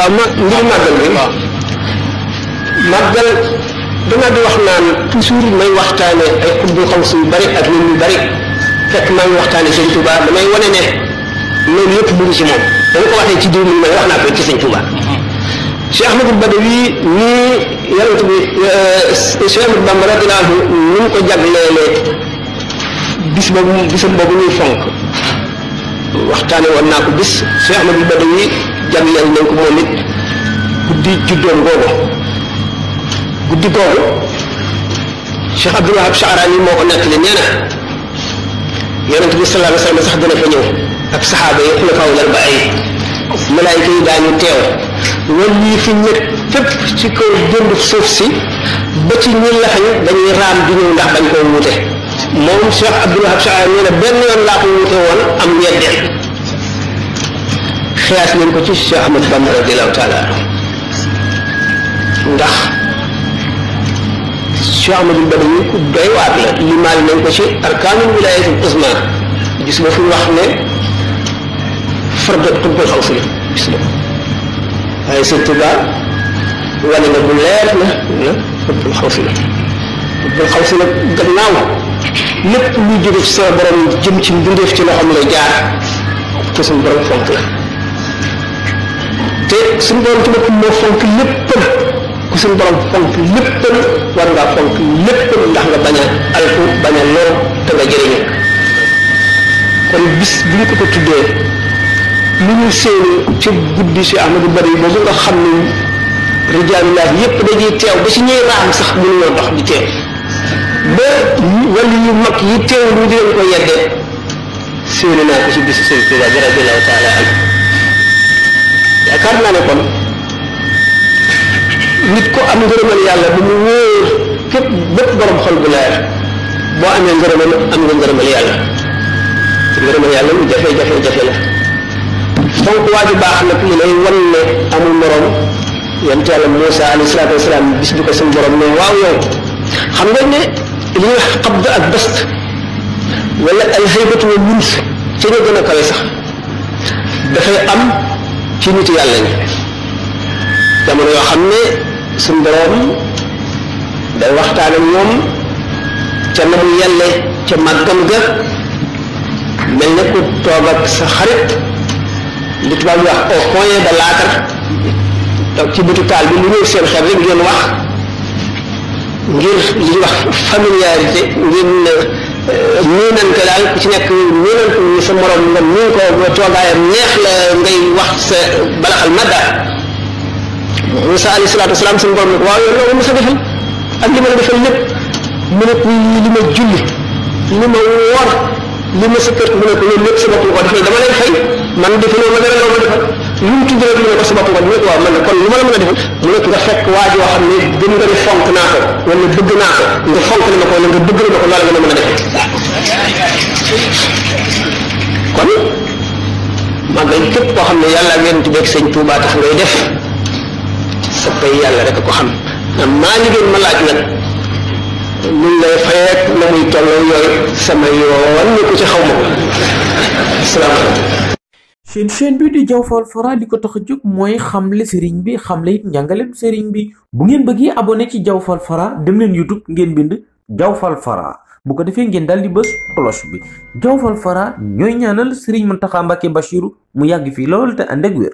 waaw ma ngir màggal di wax naan toujours may waxtaane ay xutbu xaws yu bari ak nit ñu bari fekk maa ngi waxtaane sëñ Touba damay wane ne loolu yëpp mu ngi ci moom dama ci diw mi may wax naa ko ci sëñ Touba Cheikh Ahmadou Badawi nii yonent bi euh, Cheikh Ahmadou Bamba radiyallahu anhu ni mu ko bis boobu bisam boobu ñuy waxtaane woon naa ko bis Cheikh Ahmadou Badawi jagleel nañ ko moom it guddi juddoom googu guddi googu Cheikh Abdul Wahab Sha'rani moo ko nettali nee na yonent bi sallallahu alayhi wa sallam sax dana fa ñëw ak saxaaba yi xulafaaw larbaay malaayka yi daañu teew wal yi fi nekk fépp ci kaw dund suuf si ba ci ñi laxañ dañuy raam di ñëw ndax bañ koo wuute moom Cheikh Abdul Wahab Sha'rani nee na benn yoon laa ko wuute woon am ñetteel xiyaas nañ ko ci Cheikh Ahmad Bamba radiallahu taala ndax Cheikh Ahmadul Badawi ku doy waar la limaale nañ ko ci arkaanul wilaayatul uzma gis nga fu ñu wax ne fardat xubbal xaw si la gis nga waaye sëñ Tuba wane na bu leer na na xubbal xaw si la xubbal xaw si la gannaaw lépp luy jóge ci sa borom jëm ci mbindeef ci loxoom lay jaar te suñu borom fonk la te suñu borom ci boppam moo fonk léppam ku suñu borom fonk léppam war ngaa fonk léppam ndax nga bañ a alku bañ a lor te nga jëriñu kon bis bi ñu ko ko tuddee lu ñu séenu ci guddi si Ahmadu Bari boobu nga xam ne rijaalulaah yépp dañuy teew ba si ñuy raam sax mënuñoo dox di teew ba wàllu yu mag yi teew lu di leen ko yeddee séenu naa ko si bisu sëñ Tuubaa bi radiyallaahu taala yaakaar naa ne kon nit ko am ngërëmal yàlla bu mu wóor képp bépp borom xol bu leer boo amee ngërëmal am nga ngërëmal yàlla ci ngërëmal yàlla lu jafe jafe jafe la donc waa ju baax nag li lay wan ne amul morom yonent yàlla Moussa alayhi salaatu wasalaam bis bi ko suñ borom ne waaw yow xam nga ne li ñuy wax xabd ak bast wala al haybatu wa muns ci ñu gën a kawe sax dafay am ci nit yàlla ñi jamono yoo xam ne suñ boroom day waxtaan ak ñoom ca na mu yelle ca màggam ga mel ne ku toog ak sa xarit li tubaab wax au coin de l'âtre toog ci bëtu taal bi lu ñuy seen xel rek ngeen wax ngir li wax familiarité ngeen euh, miinante daal ku ci nekk miinante sa morom nga mun ko toogaayam neex la ngay wax sa balaxal madda Musa alayhi salaatu wasalaam suñu borom nag waaw yow loolu ma sa defal ak li ma la defal lépp mu ne ko li ma julli li ma wor li ma sa kër mu ne ko loolu lépp sa bopp ko def dama lay fay man defaloo ma dara loo ma defal lu mu tudd rek mu ne ko sa bopp ko mu ne ko waaw man kon lu ma la mën a defal mu ne ko nga fekk waa joo xam ne gën nga ni fonk naa ko wala bëgg naa ko nga fonk na ma ko wala nga bëgg na ma ko loolu nga mën a defee kon ikut képp koo xam ne yàlla ak yonent beeg sëñ Touba tax ngay def sa pay yàlla rek ko xam maa ngi ma laaj nag mun lay fayeek muy tolloo yooyu sama yoon ni ko ci xaw ma ko asalaamaaleykum seen bi di Diawfal Fara li ko tax a jóg mooy xamle sëriñ bi xamle it njàngaleem sëriñ bi bu ngeen bëggee abonné ci Fara dem leen YouTube ngeen bind Diawfal Fara bu ko defee ngeen daal di bës cloche bi Diawfal Fara ñooy ñaanal Serigne Mountakha Mbacké Bachirou mu yàgg fii loolu te ànd